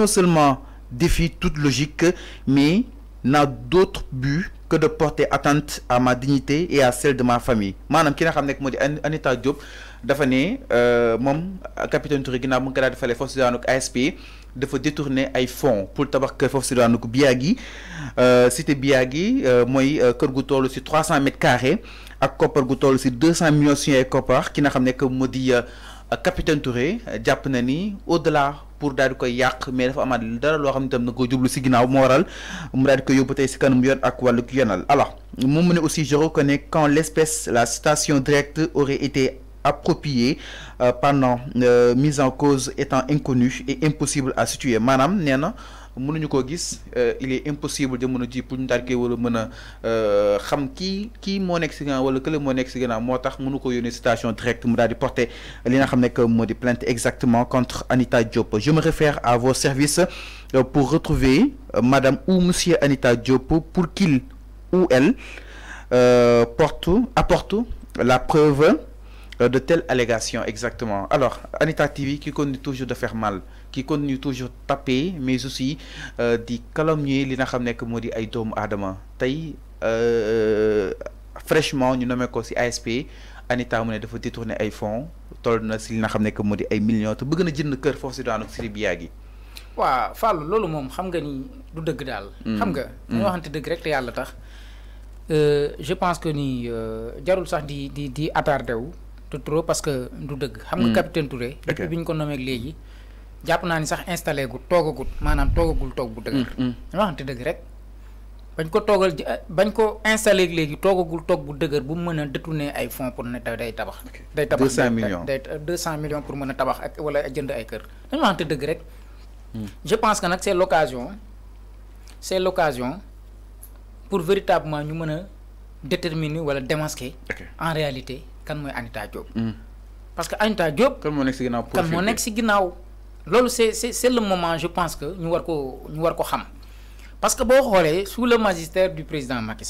non seulement défie toute logique, mais n'a d'autre but que de porter atteinte à ma dignité et à celle de ma famille Madame ki n'a xam nekk état de Anita Diop dafa euh, capitaine Touré qui mu pas de les forces de foofu de faut détourner ay fonds pour tabac que force de daanuk biagi euh, cité biagi euh, moi kër gu c'est 300 mètres carrés ak koppar gu toll c'est 200 millions suñu ay qui ki n'a xam nekk capitaine Touré japonais ni au delà pour daal ko yak mais dafa amaat dara lo xam tam na djublu ci ginaaw moral mu daal ko koy yóbbu tey si kanam ak walu yoonal alors moom mu ne aussi je reconnais quand l'espèce la station directe aurait été appropriée euh, pendant euh, mise en cause étant inconnue et impossible à situer maanaam nee na mënuñu ko gis euh, il est impossible jamono ji pour ñu daal koy war a euh, xam ki ki mo nek si gannaaw wala kële mo nek si gannaaw moo mënu ko yónnee citation directe mu dal di porter li nga xam ne que plainte exactement contre Anita Diop je me réfère à vos services euh, pour retrouver madame ou monsieur Anita Diop pour qu'il ou elle porte apporte la preuve euh, de telles allégations exactement alors Anita TV qui continue toujours de faire mal qui continue toujours taper mais aussi euh, de calomnier li nga xam nekk ay doomu aadama tey euh, fraîchement ñu nommé ko ci ASP Anita mu ne dafa détourné ay fonds toll na ci li nga xam nekk moo di ay millions te bëgg na jënd kër foofu ci daanu Siribiya gi. waaw Fallou loolu moom xam nga ni du dëgg daal. Mm. xam nga. Mm. ñu waxante dëgg rek te yàlla tax je pense que ni jarul sax di di di attardé wu. de trop parce que du deug xam nga capitaine Touré. depuis biñ ko nommé légui japp na ni sax installé gu toogagul maanaam toogagul toog bu deug dama xamante deug rek bañ ko togal bañ ko installé léegi toogagul toog bu dëgër bu mën détourner ay fonds pour ne day tabax. day tabax 200 millions day 200 millions pour mën tabax ak wala jënd ay kër dama xamante deug rek. je pense que nak c'est l'occasion c'est l'occasion pour véritablement ñu mën déterminer wala démasquer. en réalité. kan mooy Anita Diop. Hmm. parce que Anita Diop. kan moo nekk si ginnaaw moo nekk si ginnaaw. loolu c'est c'est c'est le moment je pense que ñu war ko ñu war ko xam parce que boo xoolee sous le magistère du président Macky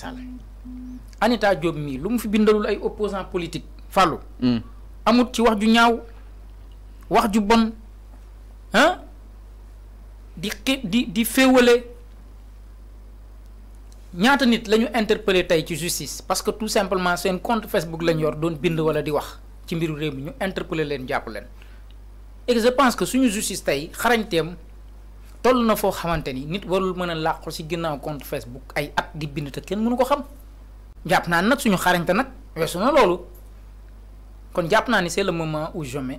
Anita Diop mii lu mu fi bindalul ay opposants politique fàllu hmm. amut ci wax ju ñaaw wax ju bon ah di di di féewale ñaata nit la interpellé ci justice parce que tout simplement un compte Facebook lañ yor doon bind wala di wax ci mi ñu interpellé leen et je pense que suñu justice tay xarañteem toll na foo xamante nit warul mën a ci compte Facebook ay at di bind te kenn mënu ko xam jàpp naa suñu na kon jàpp ni c'est le moment ou jamais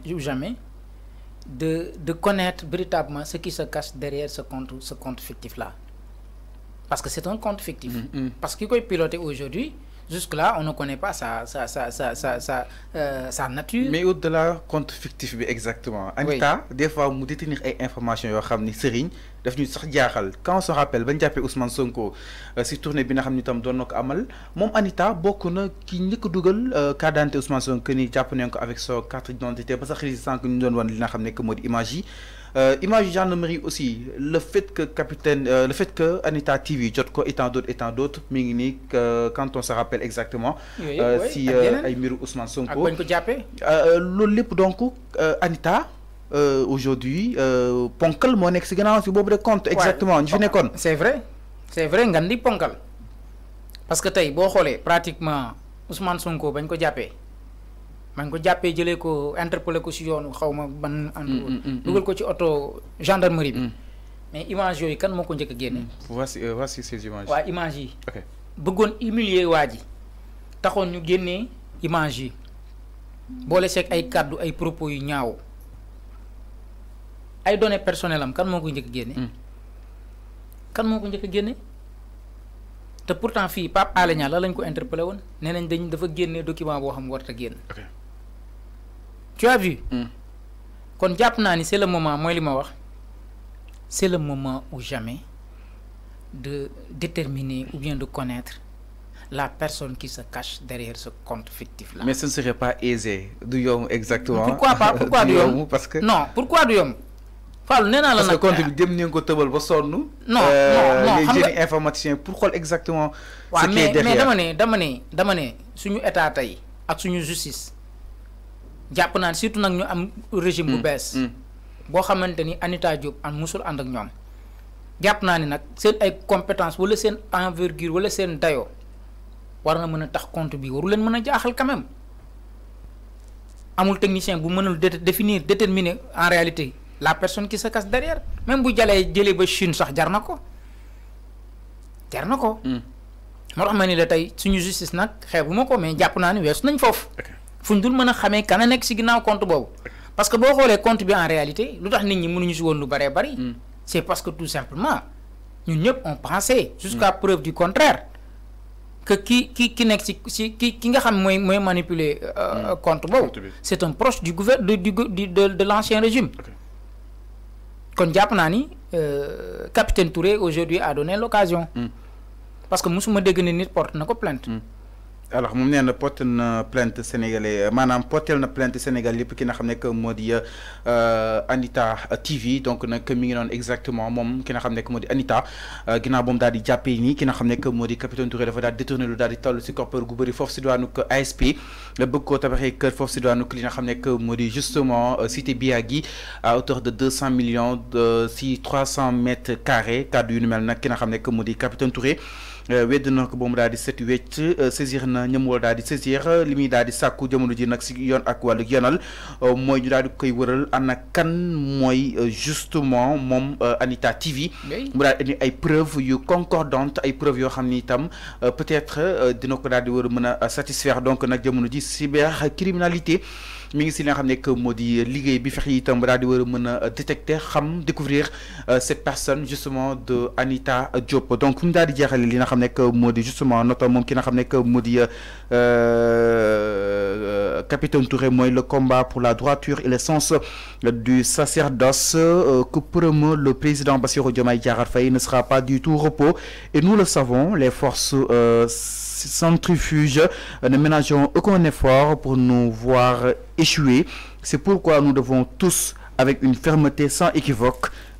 de de connaître véritablement ce qui se cache derrière ce compte ce compte fictif là parce que c'est un compte fictif. Mm-hmm, mm. Parce qu'il est piloté aujourd'hui, jusque-là, on ne connaît pas sa, sa, sa, euh, nature. Mais au-delà compte fictif, exactement. Anita, des fois, détenir des informations, que quand on se rappelle Ousmane Sonko euh, si amal Anita euh, Ousmane Sonko avec son carte d'identité euh, image gendarmerie aussi le fait que capitaine euh, le fait que Anita TV jot ko d'autres et d'autres euh, quand on se rappelle exactement. Euh, si ay mbiru Ousmane Sonko. ak le donc Anita. aujourd'hui ponkal mon nekk si gannaaw de compte. exactement ñu fi c'est vrai c'est vrai ngandi ponkal parce que tay bo xolé pratiquement Ousmane Sonko bagn ko maa ngi ko jàppee jëlee ko interpellé ko si yoonu xaw ma ban. ànd mm, mm, mm, dugal ko ci oto gendarmerie bi. mais image yooyu kan moo ko njëkk a génne. voici euh, waa image yi. bëggoon humilier waa ji taxoon ñu génnee image yi boole seeg ay kàddu ay propos yu ñaaw ay données personnelles am kan moo ko njëkk a génne. kan moo ko njëkk génne te pourtant fii Pape Alé Niang la lañ ko interpellé woon nee nañ dañ dafa génne document boo xam warta génn. tu as vu. quand hmm. jàpp c'est le moment moi c'est le moment ou jamais de déterminer ou bien de connaître la personne qui se cache derrière ce compte fictif là. mais ce ne serait pas aisé du exactement. pourquoi pas pourquoi du parce que. non pourquoi du parce que compte bi dem un ko ba non non euh, non les informaticien Pourquoi exactement. ce qui est derrière mais mais état et justice. jàpp naa naan surtout nag ñu am régime bu mm. bees mm. boo xamante ni Anita Diop am musul ànd ak ñoom jàpp naa ni nag seen ay compétence wala seen envergure wala seen dayoo war na mën a tax compte bi waru leen mën a jaaxal quand amul technicien bu mënul définir déterminer en réalité la personne qui se cache derrière même bu jalee jëlee ba Chine sax jar na ko jar na ko mm. moo tax ma ni la tey suñu justice nag ma ko mais jàpp naa ni weesu nañ foofu fu ñu xamé kana a ci kan compte boobu parce que bo xolé compte bi en réalité lu nit ñi mënuñu ci woon lu bëree bëri. Hmm. c'est parce que tout simplement ñun ñep on pensait. jusqu'à hmm. preuve du contraire que ki ki ki nek ci ci ki ki nga xam moy moy manipuler. Euh, hmm. compte boobu C'est un proche du gouvernement du du de de l'ancien régime. kon japp naa ni euh, capitaine Touré aujourd'hui a donné l'occasion parce que musuma dégg ni nit porte nako plainte alors moom nee na porté plainte sénégalais euh, maanaam porté une plainte sénégal parce ki nga xam ne que euh, Anita TV donc nag mi ngi exactement moom ki nga xam ne que Anita qui n'a pas di jàppee nii ki nga xam que capitaine Touré dafa daal détourner lu daal di Secours si koppar gu bëri foofu si doonu ASP bëgg koo tabaxee que Force de doonu li nga xam ne que modi justement euh, cité Biagui à hauteur de 200 millions de 300 mètres carrés cadre une nu mel nag ki nga xam que modi capitaine Touré euh, wedd nak ko ba set wetch euh, saisir na ñëm wala daal saisir limi muy daal di ji nak si yoon ak walu yoonal euh, moy ñu daal koy wëral ana kan moy justement mom Anita TV mu daal ay preuve yu concordante ay preuve yo xamni tam peut-être dina ko daal di war satisfaire donc nak jamono ji cyber criminalité mi ngi si nga xam ne que moo di bi fexi itam daal di mëna détecter xam découvrir cette personne justement de Anita Diop donc mu daal di li nga xam que Modi justement notamment qui qui comme capitaine Touré le combat pour la droiture et l'essence du sacerdoce euh, que promeut le président Bassirou Diomaye ne sera pas du tout repos et nous le savons les forces euh, centrifuges ne ménageons aucun effort pour nous voir échouer c'est pourquoi nous devons tous avec une fermeté sans équivoque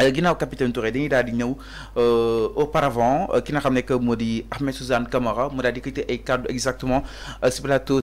Le euh, capitaine Touré dañuy daal euh, auparavant euh, ki n'a a que Ahmed Suzanne Camara mu dit exactement euh,